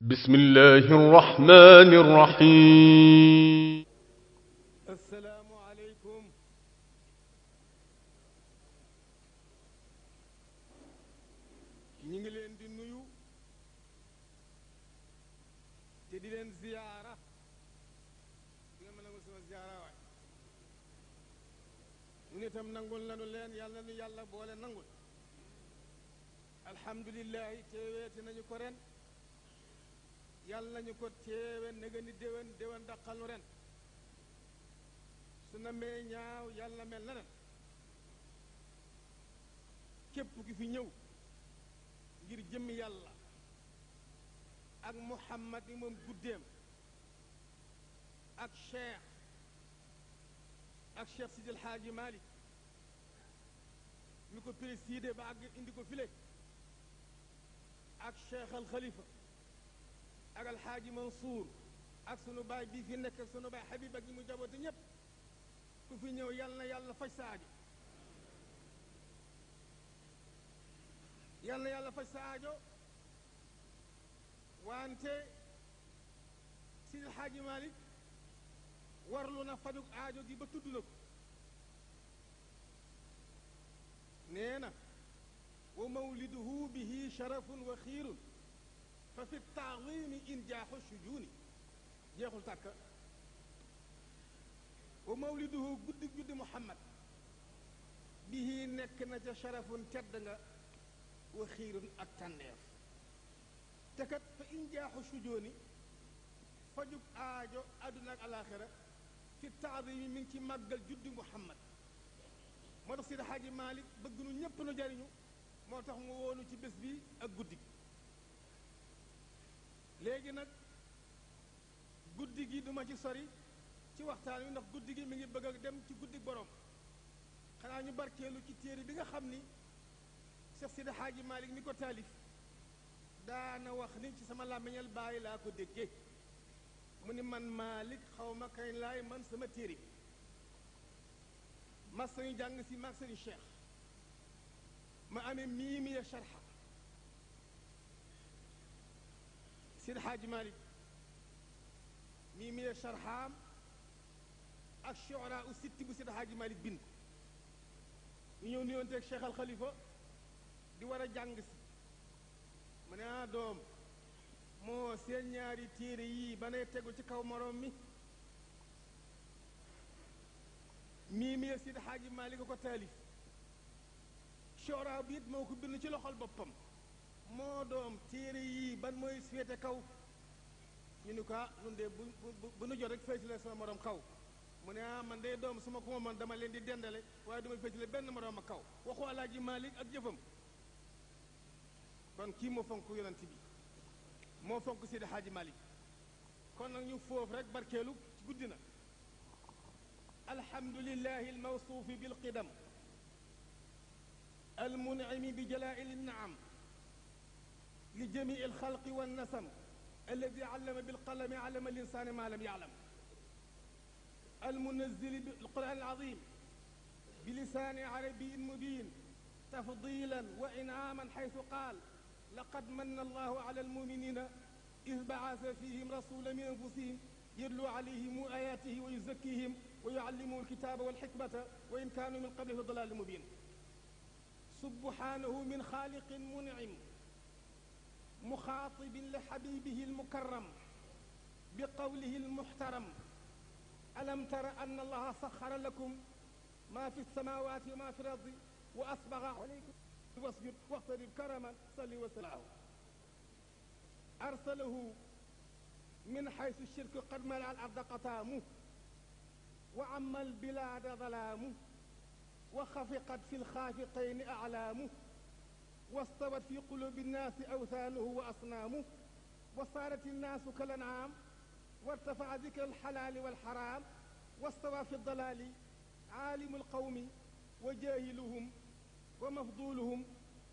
bismillahi rahmaani rahiim. asalaamu aleykum. ñu ngi leen di nuyu te di leen ziyaara ñu ne tam nangul lanu leen yàlla nu yàlla boole nangul alhamdulilahi teeweeti nañu ko ren yàlla nañu ko teewe nega ni déwén daqal nu ren na mee ñaaw yàlla mel na képp ki fi ñëw ngir jëmmi yàlla ak muhammad yi moom guddeem ak cheikh ak cheikh sidil xaaji malik mi ko présidé ba àgg indi ko file ak cheikh al xalifa ak alxaaji Mansour ak sunu baay bii fi nekk ak sunu baay Habib ak ñi mu jaboote ñépp ku fi ñëw yal na yàlla faj sa aajo yal na yàlla faj sa aajo wante Sidi Alxaaji Malik warlu na fajug aajo gi ba tudd na nee na wa mawliduhu bihi sharafun wa xiirun fa fi taawimi in jaaxu sujuuni jeexul tàkk wa mawliduhu guddi guddi muhammad bihi nekk na ca sharafun tedd nga wa xiirun ak tànneef te kat fa in jaaxu sujooni aajo àdduna ak alaaxira fi taadimi mi ngi ci màggal juddi muhammad moo tax Seydi Haaji Maalik bëgg nu ñépp nu jariñu moo tax mu woonu ci bés bi ak guddi léegi nag guddi gi duma ci sori ci waxtaan wi ndax guddi gi mi ngi bëgg a dem ci guddi borom xanaa ñu barkeelu ci téere bi nga xam ni Cheikh Sidi Hadji Malick ni ko taalif daana wax ni ci sama làmmiñal bàyyi laa ko déggee mu ni man Malick xaw ma kañ laay man sama téere bi mas sañu jàng si maag sañu cheikh ma amee mii mi ya sharha Seydi Hadji Malick mii mi ak shuara u sitti bu Seydi Hadji Malick bind ñu ñëw nuyonteeg Cheikh Khalifa di war a jàng si mu ne ah, doom moo seen ñaari téere yii ba nay tegu ci kaw moroom mi mii mi Seydi Hadji Malick ko taalif shuara bi it moo ko bind ci loxol boppam moo doom téere yii ban mooy féete kaw ñu ni ko nun ah, de bu bu nu jot rek féetale sama morom kaw mu ne ah man de doom su ma ko man dama leen di dendale waaye duma féetale benn morom ak kaw waxu alaaji Maalik ak jëfam kon kii moo fonk yonent bi moo fonk Seydi Haaji Maalik kon nag ñu foofu rek barkeelu ci guddi na alhamdulillahi almawsuufi bilqidam almunimi bi jalaa'il naam لجميع الخلق والنسم الذي علم بالقلم علم الإنسان ما لم يعلم المنزل بالقرآن العظيم بلسان عربي مبين تفضيلا وإنعاما حيث قال لقد من الله على المؤمنين إذ بعث فيهم رسولا من أنفسهم يتلو عليهم آياته ويزكيهم ويعلمهم الكتاب والحكمة وإن كانوا من قبله ضلال مبين سبحانه من خالق منعم مخاطب لحبيبه المكرم بقوله المحترم ألم تر أن الله سخر لكم ما في السماوات وما في الأرض وأسبغ عليكم واسجد واقترب كرما صلي وسلم أرسله من حيث الشرك قد ملأ الأرض قطامه وعم البلاد ظلامه وخفقت في الخافقين أعلامه واستوت في قلوب الناس أوثانه وأصنامه وصارت الناس كالأنعام وارتفع ذكر الحلال والحرام واستوى في الضلال عالم القوم وجاهلهم ومفضولهم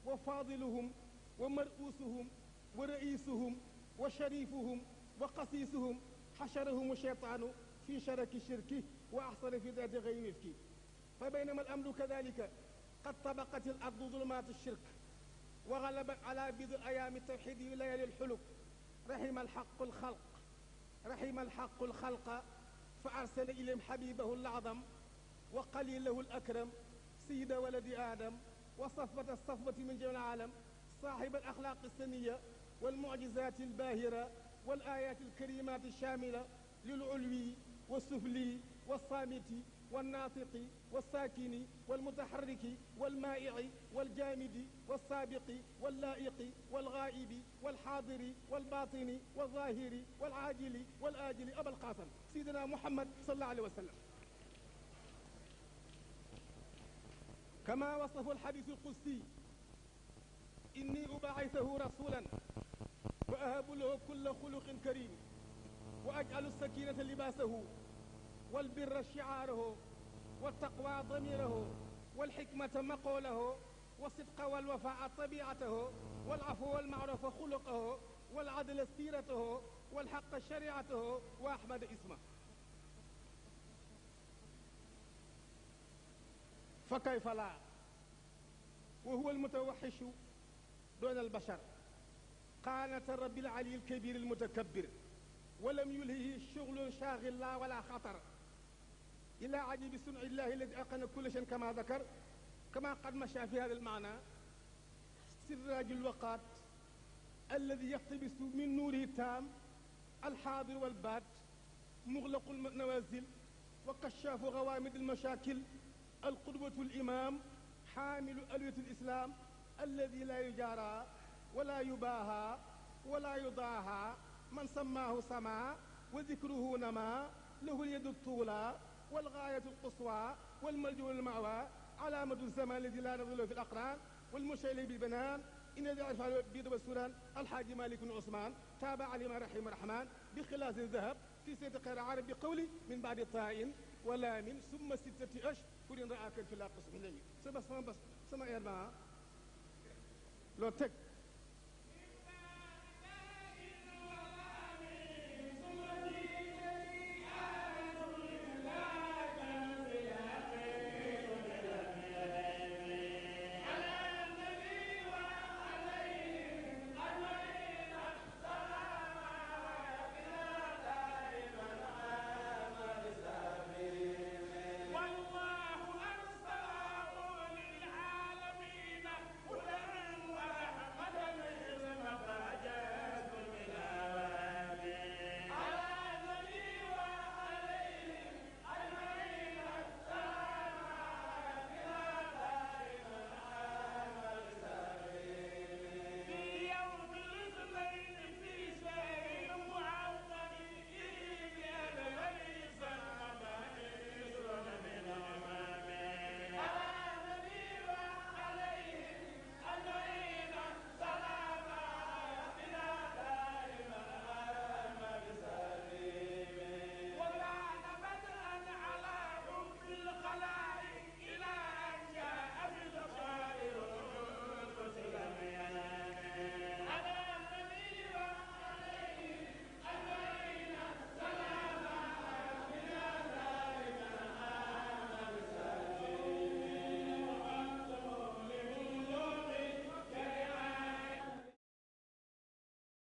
وفاضلهم ومرؤوسهم ورئيسهم وشريفهم وقسيسهم حشرهم الشيطان في شرك الشرك وأحصل في ذات غير مفك فبينما الأمر كذلك قد طبقت الأرض ظلمات الشرك wa galabat ala bid ayaami tawxid yu layali lxuluk rahima alxaqu alxalq rahima alxaqu alxalqa fa arsala ilayhim xabibahu alazam wa qalilahu alakram sayida waladi aadam wa safwata safwati min jami alaalam saaxiba alaxlaaq alsaniya walmujizat albaahira wal ayat alkarimat alshamila lilulwi wa sufli wa saamiti والناطق والساكن والمتحرك والمائع والجامد والسابق واللائق والغائب والحاضر والباطن والظاهر والعاجل والآجل أبا القاسم سيدنا محمد صلى الله عليه وسلم كما وصفه الحديث القدسي إني أبعثه رسولا وأهب له كل خلق كريم وأجعل السكينة لباسه والبر شعاره والتقوى ضميره والحكمة مقوله والصدق والوفاء طبيعته والعفو والمعروف خلقه والعدل سيرته والحق شريعته وأحمد اسمه فكيف لا وهو المتوحش دون البشر قانة الرب العلي الكبير المتكبر ولم يلهه شغل شاغل لا ولا خطر إلى عجيب صنع الله الذي أتقن كل شيء كما ذكر كما قد مشى في هذا المعنى سراج الوقات الذي يقتبس من نوره التام الحاضر والبات مغلق النوازل وكشاف غوامض المشاكل القدوة الإمام حامل ألوية الإسلام الذي لا يجارى ولا يباهى ولا يضاهى من سماه سما وذكره نما له اليد الطولى والغاية القصوى والملجو المأوى علامة الزمان الذي لا نظل في الأقران والمشعل بالبنان إن الذي عرف البيض والسنان الحاج مالك بن عثمان تابع لما رحم الرحمن بخلاص الذهب في سيد خير عرب بقوله من بعد طائن ولا من ثم ستة أشهر كل رآك في لا قسم لي سما سما بس سما يا loolu teg